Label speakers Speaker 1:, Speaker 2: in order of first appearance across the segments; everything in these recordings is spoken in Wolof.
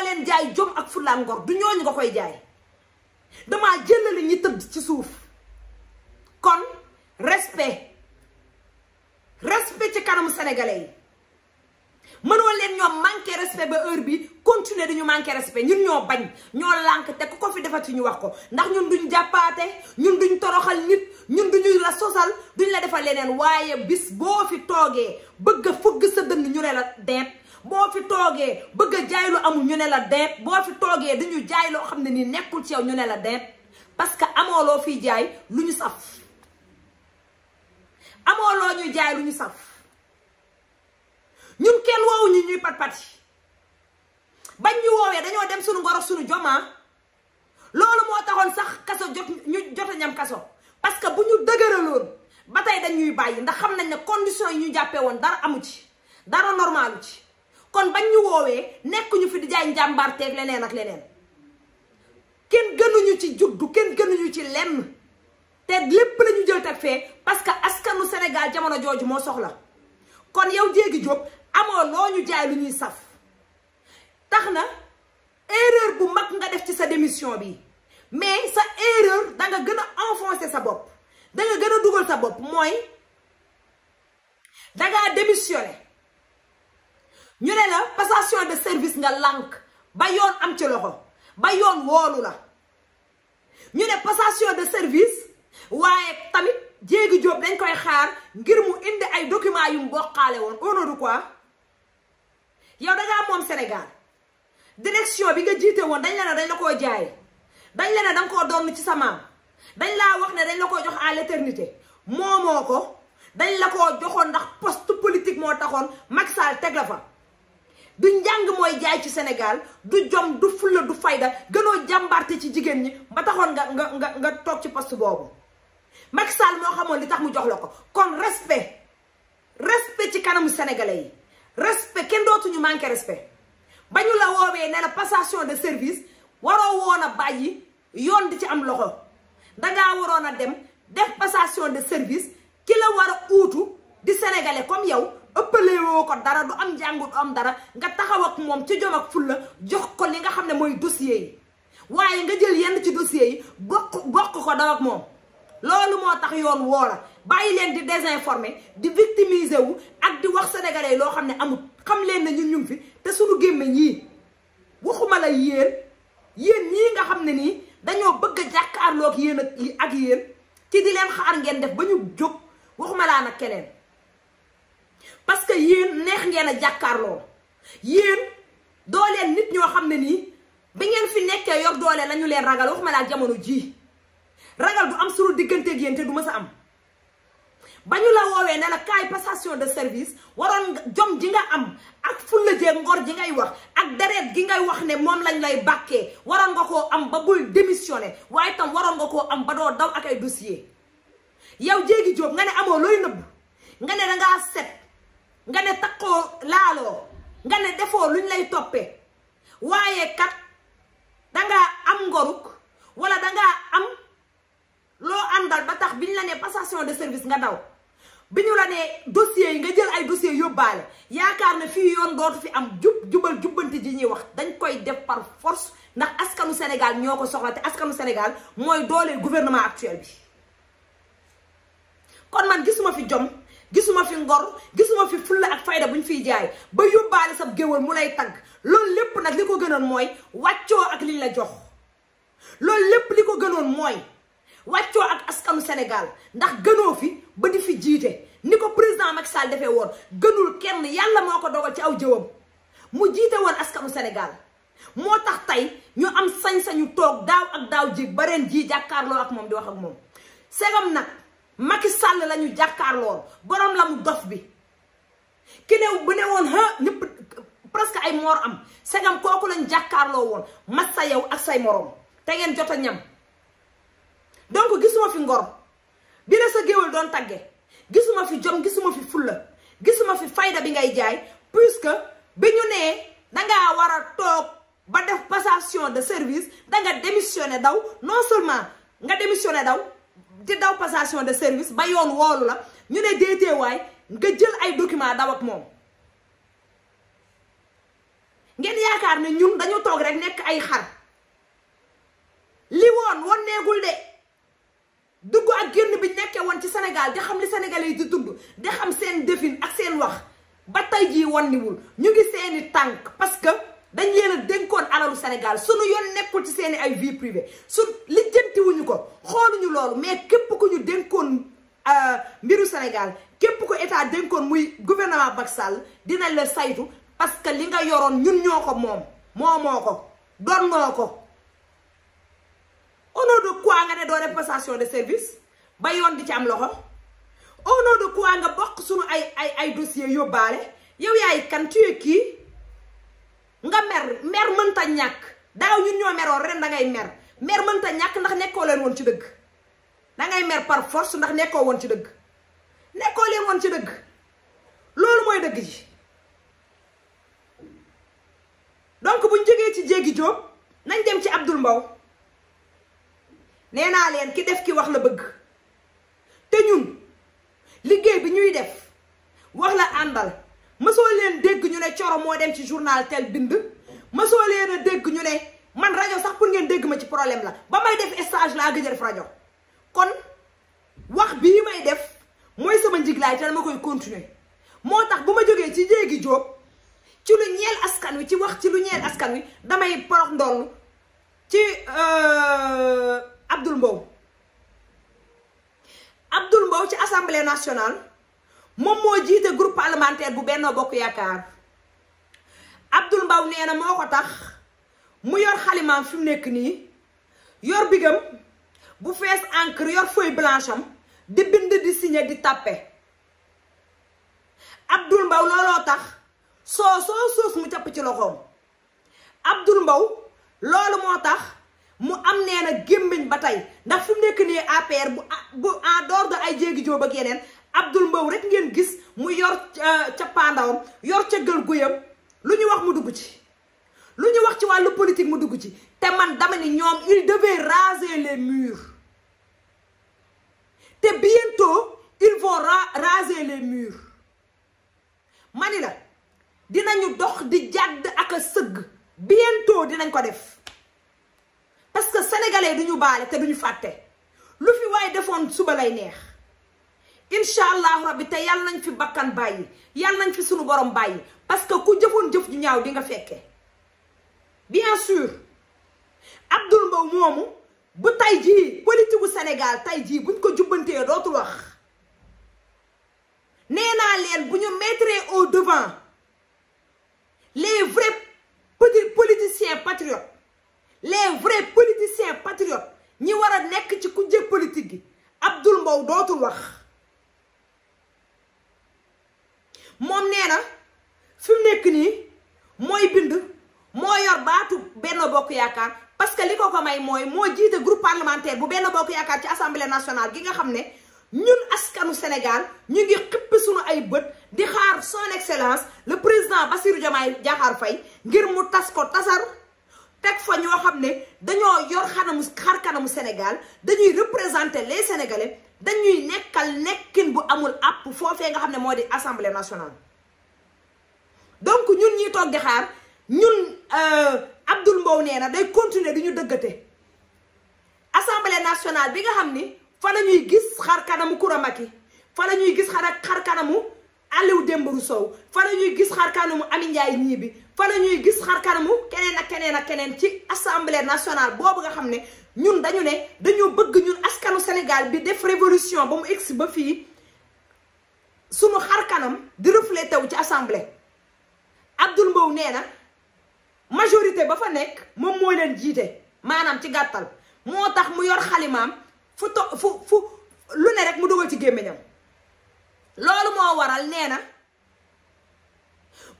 Speaker 1: ñoo leen jaay jom ak fulla ngor du ñu nga koy jaay damaa jëlale ñi tëdd ci suuf kon respect respect ci kanamu sénégalais yi mënoo leen ñoo manqué respect ba heure bi continuer dañu manqué respect ñun ñoo bañ ñoo lànk te ku ko fi defati ñu wax ko ndax ñun duñ jàppaate ñun duñ toroxal nit ñun duñuy la sosal duñ la defal leneen waaye bis boo fi toogee bëgg a fugg sa dënd ñu ne la deet boo fi toogee bëgg jaaylu jaay amul ñu ne la deet boo fi toogee dañu jaay loo xam ne nii nekkul ci yow ñu ne la deet parce que amoo loo fiy jaay lu ñu saf amoo loo ñuy jaay lu ñu saf ñun kenn woowu ñu ñuy patpati bañ ñu woowee dañoo dem suñu ngoro suñu jomaa ah. loolu moo taxoon sax kaso jot ñu jot a ñam kaso parce que bu ñu dëgëraloon ba tey ñuy bàyyi ndax xam nañ ne condition yi ñu jàppee woon dara amu ci dara normalu ci kon bañ ñu woowee nekkuñu fi di jaay njàmbaarteeg leneen ak leneen kenn gënuñu ci juddu kenn gënuñu ci lenn te lépp lañu ñu jël teg fee parce que askanu Sénégal jamono jooju moo soxla kon yow Diéguy Diop amoo loo ñu jaay lu ñuy saf tax na erreur bu mag nga def ci sa démission bi mais sa erreur da gën a enfoncer sa bopp da gën a dugal sa bopp mooy da ngaa démissionné ñu ne la passation de service nga lank ba yoon am ci loxo ba yoon woolu la ñu ne passation de service waaye tamit jéegi jóob dañ koy xaar ngir mu indi ay document yu mu bokkaale woon au nom de quoi yow dangaa moom Sénégal direction bi nga jiite woon dañ la ne dañ la koo jaay dañ la ne danga koo doon ci sa maam dañ laa wax ne dañ la ko jox à l'éternité moomoo ko dañ la koo joxoon ndax poste politique moo taxoon Macky Sall teg la fa du njàng mooy jaay ci Sénégal du jom du fulla du fayda gënoo jàmbarte ci jigéen ñi ba taxoon nga nga nga toog ci poste boobu Macky Sall moo xamoon li tax mu jox la ko kon respect respect ci kanamu sénégalais yi respe kenn dootuñu manqué respe ba ñu la woowee ne la passation de service waroo woon a bàyyi yoon di ci am loxo dangaa waroon a dem def passation de service ki la war a uutu di sénégalais comme yow ëppalee woo ko dara du am njàngu du am dara nga taxaw ak moom ci jom ak fulla jox ko li nga xam ne mooy dossier yi waaye nga jël yenn ci dossier yi bokk bokk ko daw ak moom loolu moo tax yoon woo la bàyyi leen di désinformer di victimiser wu ak di wax sénégalais loo xam ne amul xam leen ne ñun ñu ngi fi te suñu gémmiñ yii waxuma la yéen yéen ñii nga xam ne nii dañoo bëgg a jàkkaarloo ak yéen ak yéen ci di leen xaar ngeen def ba ñu jóg waxuma laa nag keneen. parce que yéen neex ngeen a jàkkaarloo yéen dooleel nit ñoo xam ne nii bi ngeen fi nekkee yor doole lañu leen ragal ma laa jamono jii ragal bu am suru digganteeg yéen te du ma sa am ba ñu la woowee ne la kaay passation de service waroon jom ji nga am ak fulla jeeg ngor ji ngay wax ak deret gi ngay wax ne moom lañ lay bàkkee waroon nga koo am ba bul démissionné waaye tam waroon nga koo am ba doo daw ak ay dossier yow jéegi jóob nga ne amoo looy nëbb nga ne dangaa set nga ne takkoo laaloo nga ne defoo luñ lay toppee waaye kat dangaa am ngoruk wala dangaa am loo àndal ba tax bi ñu la ne passation de service nga daw bi ñu la nee dossiers yi nga jël ay dossiers yóbbaale yaakaar na fii yoon dootu fi am jub jubal jubbanti ji ñuy wax dañ koy def par force ndax askanu Sénégal ñoo ko soxla te askanu Sénégal mooy dooleel gouvernement actuel bi kon man gisuma fi jom gisuma fi ngor gisuma fi fulla ak fayda ñu fiy jaay ba yóbbaale sab géwél mu lay tagg loolu lépp nag li ko gënoon mooy wàccoo ak liñ la jox loolu lépp li ko gënoon mooy wàccoo ak askanu Sénégal ndax gënoo fi ba di fi jiite ni ko président Macky Sall defee woon gënul kenn yàlla moo ko dogal ci aw jëwam mu jiite woon askanu Sénégal moo tax tey ñu am sañ-sañu toog daaw ak daaw jig bareen jii jàkkaarloo ak moom di wax ak moom segam nag Macky Sall la ñu jàkkaarlool borom la mu dof bi ki ne bu ne woon ha ñëpp presque ay moor am segam kooku lañ jàkkaarloo woon mat sa yow ak say moroom te ngeen jot a ñam donc gisuma fi ngor bi la sa géwél doon tagge gisuma fi jom gisuma fi fulla gisuma fi fayda bi ngay jaay puisque bi ñu nee dangaa war a toog ba def passation de service danga démissionné daw non seulement nga démissionné daw di daw passation de service ba yoon woolu la ñu ne déetee nga jël ay document daw ak moom ngeen yaakaar ne ñun dañu toog rek nekk ay xar li woon woon neegul de dugg ak génn bi nekkee woon ci senegal di xam li Sénégalais yi di dund di xam seen defin ak seen wax ba tey jii wanniwul ñu ngi seeni tànk parce que dañ leen a dénkoon alalu Sénégal sunu yoon nekkul ci seeni ay vie privée su lijjantiwuñu ko xooluñu loolu mais képp ko ñu dénkoon euh, mbiru Sénégal képp ko état dénkoon muy gouvernement Macky Sall dinañ la saytu parce que li nga yoroon ñun ñoo ko moom moomoo ko donnoo ko au nom de quoi nga ne doo def de service ba yoon di ci am loxo au nom de quoi nga bokk suñu ay ay ay dossier yóbbaale yow yaay kan kii nga mer mer mënta ñàkk daaw ñun ñoo meroon ren da ngay mer mer mënta ñàkk ndax nekkoo leen woon ci dëgg da ngay mer par ndax nekkoo woon ci dëgg nekkoo leen woon ci dëgg loolu mooy dëgg ji donc buñ jógee ci jéggi jóob nañ dem ci Abdul Mbaw nee naa leen ki def ki wax la bëgg te ñun liggéey bi ñuy def wax la àndal mësoo leen dégg ñu ne Coro moo dem ci journal tel bind mësoo leen a dégg ñu ne man rajo sax pour ngeen dégg ma ci problème la ba may def stage laa gëj rajo kon wax bii may def mooy sama njiglaay te dama koy continuer moo tax bu ma jógee ci jéegi jóob ci lu ñeel askan wi ci wax ci lu ñeel askan wi damay porox ndollu ci euh, Abdoul Mbow Abdoul Mbow ci assemblée national moom moo jiite groupe parlementaire bu Benno Bokk Yaakaar Abdoul Mbaw nee moo ko tax mu yor xalimaam fi nekk nii yor bigam bu fees encre yor feuille blanche am di bind di signé di tàppe Abdoul Mbaw looloo soo soo soos ci loxoom Abdoul Mbaw loolu moo tax mu am nee na gémmiñ ba tey ndax fi mu nekk nii APR bu a bu en dehors ay jéegi jóob ak yeneen Abdoul Mbow rekk ngeen gis mu yor euh, ca pandawam yor ca gël guyam lu ñu wax mu dugg ci lu ñu wax ci wàllu politique mu dugg ci te man dama ni ñoom il devait raser les murs te bientôt ils vont raser les murs ma ni la dinañu dox di jàdd ak a sëgg bientôt dinañ ko def parce que sénégalais ñu baale te ñu fàtte lu fi waaye defoon suba lay neex incha allahu rabbi te yàlla nañ fi bakkan bàyyi yàlla nañ fi sunu borom bàyyi parce que ku jëfoon jëf ju ñaaw di nga fekkee bien sûr Abdoul Mbow moomu bu tay jii politique gu Sénégal tay jii buñ ko jubbantee dootul wax nee naa leen bu ñu mettre au devant les vrais politiciens patriotes les vrais politiciens patriotes ñi war a nekk ci kujje politique yi Abdoul Mbow dootul wax yaakaar parce que li ko ko may mooy moo jiite groupe parlementaire bu benn bokk yaakaar ci assemblée nationale gi nga xam ne ñun askanu Sénégal ñu ngi xippi suñu ay bët di xaar son excellence le président Bassirou Diomaye Diakhar Faye ngir mu tas ko tasar teg fa ñoo xam ne dañoo yor xanamu xar kanamu Sénégal dañuy représenter les Sénégalais dañuy nekkal nekkin bu amul àpp foofee nga xam ne moo di assemblée nationale donc ñun ñuy toog di xaar ñun euh, Abdoul Mbow nee na day continuer du ñu dëggate assemblée nationale bi nga xam ni fa la ñuy gis xar kanamu Coura Macky la ñuy gis xar xar kanamu Aliou Dembourou Sow fa ñuy gis xar kanamu Amy Ndiaye Gniby la ñuy gis xar kanamu keneen ak keneen ak keneen ci assemblée nationale boobu nga xam ne ñun dañu ne dañoo bëgg ñun askanu Sénégal bi def révolution ba mu egsi ba fii sunu xar kanam di reflété ci assemblée Abdoul Mbow nee majorité ba fa nekk moom moo leen jiite maanaam ci gàttal moo tax mu yor xalimaam fu to fu fu lu ne rek mu dugal ci gémmiñam loolu moo waral nee na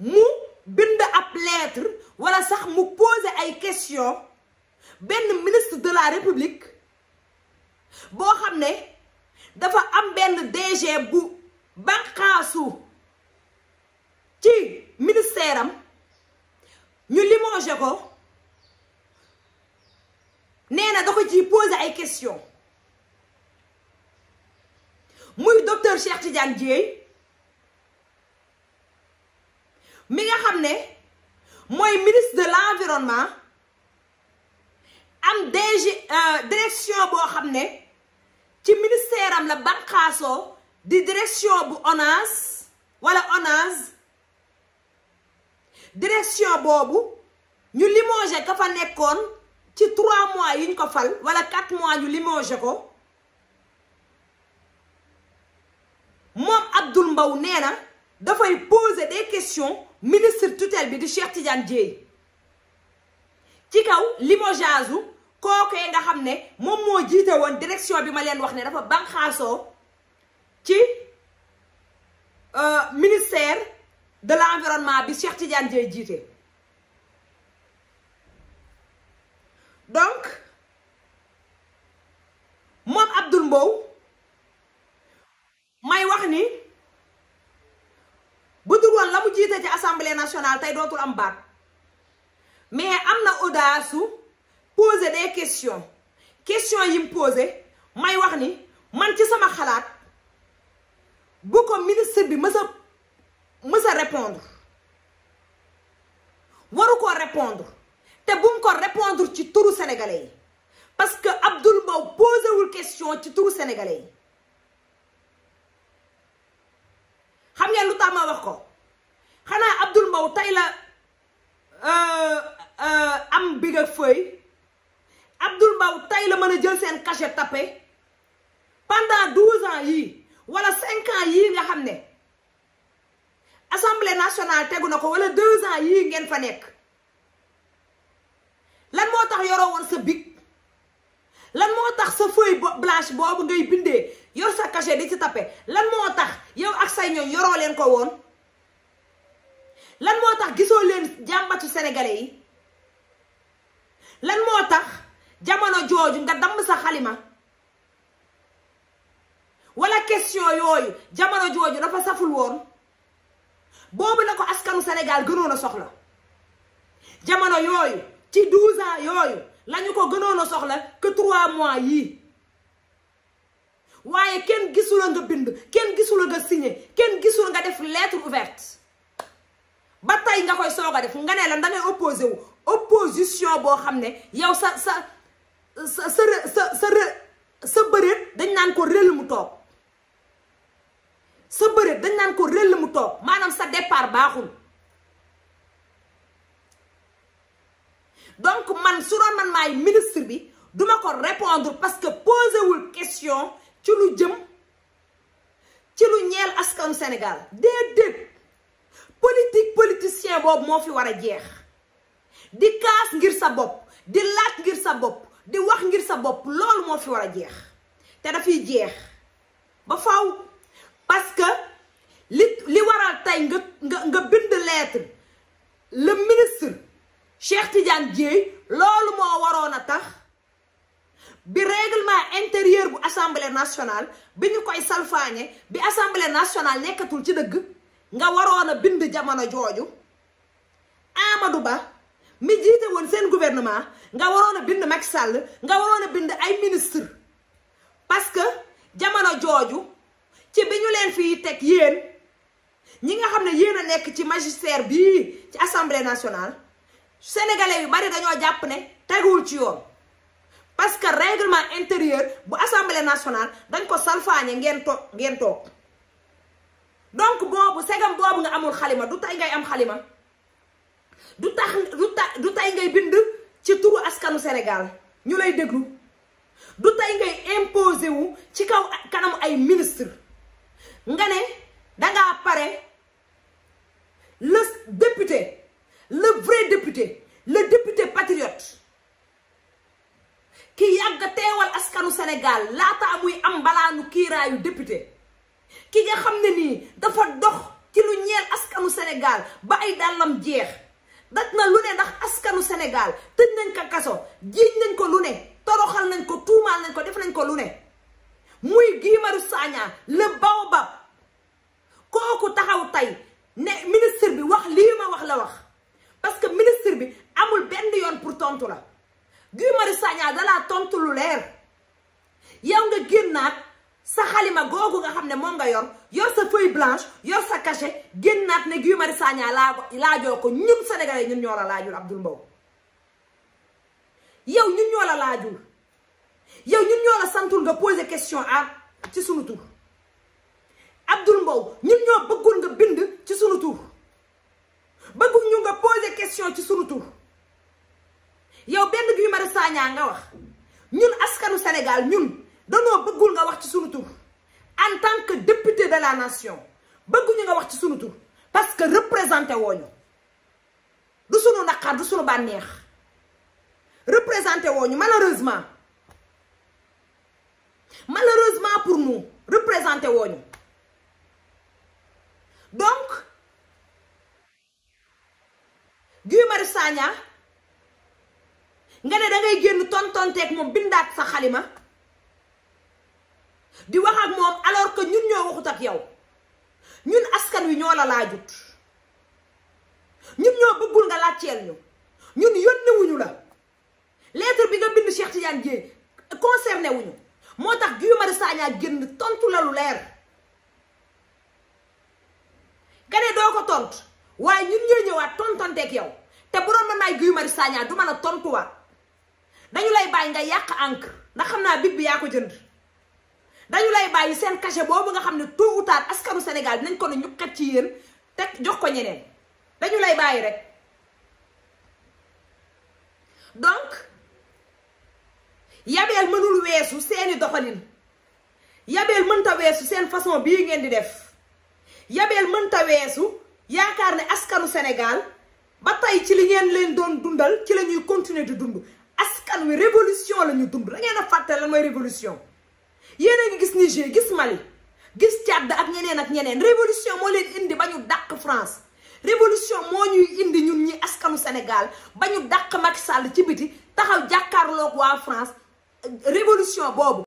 Speaker 1: mu bind ab lettre walla sax mu poser ay question benn ministre de la république boo xam ne dafa am benn DG bu banqaasu ci ministère ñu limogé ko nee na da ko ciy ay question muy docteur Cheikh Tidiane Dièye mi nga xam ne mooy ministre de l'environnement am DG euh, direction boo xam ne ci ministère am la banqaasoo di direction bu ONAS wala ONAS direction boobu ñu limogé ka fa nekkoon ci trois mois yuñ ko fal wala quatre mois ñu limogé ko moom Abdoul Mbow nee dafay pose des question ministre tutelle bi di Cheikh Tidiane Dièye ci kaw limogeage u kookee nga xam ne moom moo jiite woon direction bi ma leen wax ne dafa banxaasoo ci euh, ministère de l'environnement bi Cheikh Tidiane Dièye jiite donc moom Abdoul Mbow may wax ni bu dul woon la mu jiite ci assemblée nationale tey dootul am baat mais am na audace su poser des questions yi mu posé may wax ni man ci sama xalaat bu ko ministre bi mësa mës a répondre waru ko répondre te bum ko répondre ci turu sénégalais parce que Abdoul Mbow posé wul question ci turu sénégalais yi xam ngeen lu ko xanaa Abdoul Mbow tey la euh, euh, am big ak feuille Abdoul tey la mën a jël seen cachet tapé pendant douze ans yii wala cinq ans yii nga xam ne. assemblée national tegu na ko wala deux ans yii ngeen fa nekk lan moo tax yoroo woon sa bic lan moo tax sa feuille blanche boobu ngay bindee yor sa cachet di ci tappe lan moo tax yow ak say ñoom yoroo leen ko woon lan moo tax gisoo leen jàmbatu sénégalais yi lan moo tax jamono jooju nga damm sa xalima wala question yooyu jamono jooju dafa saful woon boobu na ko askanu Sénégal gënoon a soxla jamono yooyu ci 12 yooyu lañu ko gënoon a soxla que 3 mois yii waaye kenn gisula nga bind kenn gisula nga signé kenn gisula nga def lettre ouverte ba tey nga koy soog a def nga ne la da ngay opposé wu opposition boo xam ne yow sa sa sa sa sa dañ naan ko rël mu toog. sa bëre dañ naan ko rëll mu toog maanaam sa départ baaxul donc man su doon man maay ministre bi duma ko répondre parce que posé wul question ci lu jëm ci lu ñeel askanu Sénégal déedéet politique politicien boobu moo fi war a jeex di kaas ngir sa bopp di laaj ngir sa bopp di wax ngir sa bopp loolu moo fi war a jeex te dafiy jeex ba faw parce que li li waral tey nga nga nga bind lettre le ministre Cheikh Tidiane Dièye loolu moo waroon a tax bi règlement intérieur bu assemblée national bi ñu koy salfaañe bi assemblée national nekkatul ci dëgg nga waroon a bind jamono jooju Amadou Ba mi jiite woon seen gouvernement nga waroon a bind Macky sàll nga waroon a bind ay ministre parce que jamono jooju ci bi ñu leen fii teg yéen ñi nga xam ne yéen a nekk ci magistère bii ci assemblée nationale sénégalais yu bari dañoo jàpp ne teguwul ci yoon parce que règlement intérieur bu assemblée nationale dañ ko salfaañe ngeen toog ngeen toog donc boobu segam boobu nga amul xalima du tay ngay am xalima du tax du tax tay ngay bind ci turu askanu Sénégal ñu lay déglu du tay ngay imposé wu ci kaw kanamu ay ministre nga ne dangaa pare le député le vrai député le député patriote ki yàgg teewal askanu Sénégal laataa muy am mbalaanu kiiraayu député ki nga xam ne nii dafa dox ci lu ñeel askanu Sénégal ba ay dàllam jeex dat na lu ne ndax askanu Sénégal tëj nañ ko kaso jiiñ nañ ko lu ne toroxal nañ ko tuumaal nañ ko def nañ ko lu ne muy Guy Marius Sagna le ba kooku taxaw tey ne ministre bi wax lii ma wax la wax parce que ministre bi amul benn yoon pour tontu la Guy Marius Sagna dalaa tontu lu leer yow nga génnaat sa xalima googu nga xam ne moom nga yoon yor sa feuille blanche yor sa cachet génnaat ne Guy Marius Sagna laa laajoo ko ñun sénégalais ñun ñoo la laajul Abdoul Mbow yow ñun ñoo la laajul yow ñun ñoo la santul nga poser question à ci sunu tur Abdoul Mbow ñun ñoo bëggul nga bind ci sunu tur bëggul ñu nga poser question ci sunu tur yow benn Guy ma Sagna nga wax ñun askanu Sénégal ñun danoo bëggul nga wax ci sunu tur en tant que député de la nation bëgguñu nga wax ci sunu tur parce que représenté wooñu du sunu naqar du sunu bànneex représenté wooñu malheureusement malheureusement pour nous représenté wooñu donc Guy Marius Sagna nga ne da ngay génn tontonteeg moom bindaat sa xalima di wax ak moom alors que ñun ñoo waxut ak yow ñun askan wi ñoo la laajut ñun ñoo bëggul nga laajteel ñu ñun yónne la lettre bi nga bind Cheikh Tidiane Dièye concerné wuñu moo tax Guy saañaat Sagna génn tontu la lu leer nga ne doo ko tontu waaye ñun ñoo ñëwaat tontanteeg yow te bu doon man maay Guy Marius Sagna du mën a tontuwaat dañu lay bàyyi nga yàq encre ndax xam naa big bi yaa ko jënd dañu lay bàyyi seen cachet boobu nga xam ne tôt ou senegal askanu Sénégal ko ne ñu xet ci yéen te jox ko ñeneen dañu lay bàyyi rek donc. yabeel mënul weesu seeni doxalin yabeel mënta weesu seen façon bii ngeen di def yabeel mënta weesu yaakaar ne askanu Sénégal ba tey ci li ngeen leen doon dundal ci la ñuy continuer di dund askan wi révolution la ñu dund da a fàtte lan mooy révolution yéen a ngi gis Niger gis Mali gis Tchad ak ñeneen ak ñeneen révolution moo leen indi ba ñu dàq France révolution moo ñuy indi ñun ñi askanu Sénégal ba ñu dàq Macky Sall ci biti taxaw jàkkaarloog waa France révolution boobu